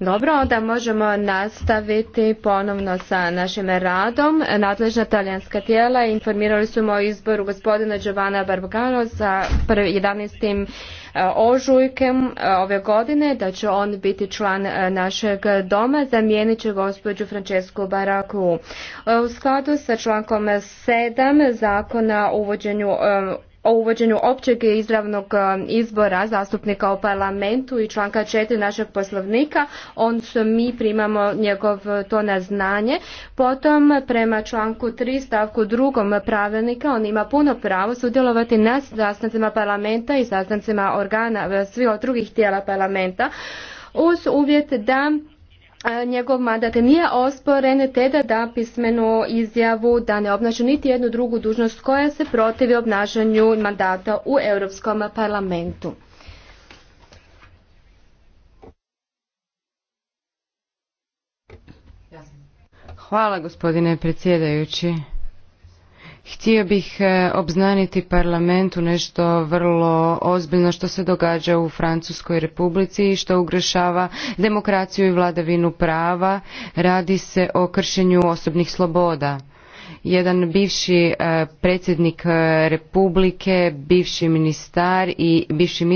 Dobro, onda možemo nastaviti ponovno sa našim radom. Nadležna talijanska tijela informirali su o izboru gospodina Giovanna Barbagano za 11. E, ožujkem e, ove godine, da će on biti član e, našeg doma, zamijenit će gospođu Francesku Baraku. U skladu sa člankom 7 zakona o uvođenju o uvođenju općeg i izravnog e, izbora zastupnika u parlamentu i članka 4 našeg poslovnika, on mi primamo njegov e, to na znanje. Potom prema članku 3 stavku drugom pravilnika on ima puno pravo sudjelovati na sastancima parlamenta i sastancima organa e, svih drugih tijela parlamenta uz uvjet da njegov mandat nije osporen te da da pismenu izjavu da ne obnaša niti jednu drugu dužnost koja se protivi obnašanju mandata u Europskom parlamentu. Hvala gospodine predsjedajući. Htio bih e, obznaniti parlamentu nešto vrlo ozbiljno što se događa u Francuskoj republici i što ugrešava demokraciju i vladavinu prava. Radi se o kršenju osobnih sloboda. Jedan bivši e, predsjednik e, republike, bivši ministar i bivši ministar